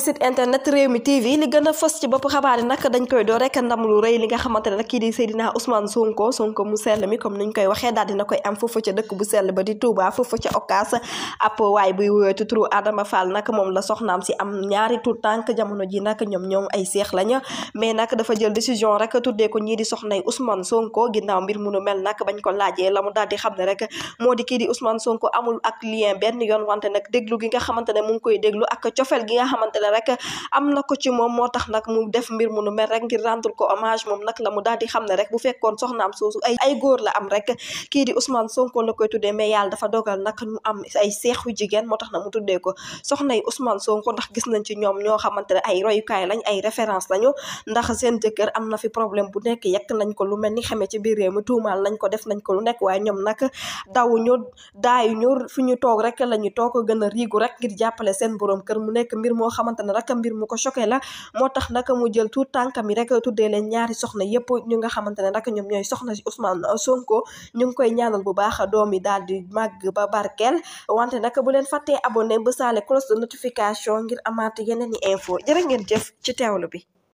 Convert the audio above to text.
suñuy site internet réew mi tv li gën a fës ci bopp xabaar yi nag dañ koy door rek ndam lu rëy li nga xamante ne kii di Seydina Ousmane Sonko Sonko am foofu ca dëkk bu sell ba di Touba foofu ca Okas ab la soxnaam si am ñaari tout tànk jamono ji nag ñoom ñoom ay seex lañu mais nag dafa jël décision rek tuddee ko ñii di soxnay mbir mu mel nag bañ ko laajee la mu daal di xam ne rek moo di kii di Ousmane Sonko amul ak lien benn yoon wante nag déglu gi nga xamante ne mu ngi koy déglu ak cofel gi nga xamante ne rek am na ko ci moom moo tax na mu def mbir mu nu mel rek ngir rendre ko hommage moom nag la mu daal di xam ne rek bu fekkoon soxnaam soosu ay ay góor la am rek kii di Ousmane Sonko la koy tuddee mais yàlla dafa dogal nag mu am ay moo tax na mu tuddee ko soxna yi Ousmane Sonko ndax gis nañ ci ñoom ñoo xamante ne ay royukaay lañ ay référence lañu ndax seen jëkkër am na fi problème bu nekk yekk nañ ko lu mel ni xamee ci biir réew mi tuumaal nañ ko def nañ ko lu nekk waaye ñoom nag dawuñu daayuñu fi ñu toog rek toog rek ngir jàppale seen borom kër mu nekk mbir moo xamante xamante ne rek mbir mu ko choqué la moo tax nag mu jël tout tànkam yi rek tuddee leen ñaari soxna yëpp ñu nga xamante ne rek ñoom ñooy soxna si Ousmane Sonko ñu ngi koy ñaanal bu baax doom yi daal di màgg ba barkeel wante nag bu leen fàttee abonné ba saalee cloche de notification ngir amaat yeneen i info jërë ngeen jëf ci teewlu bi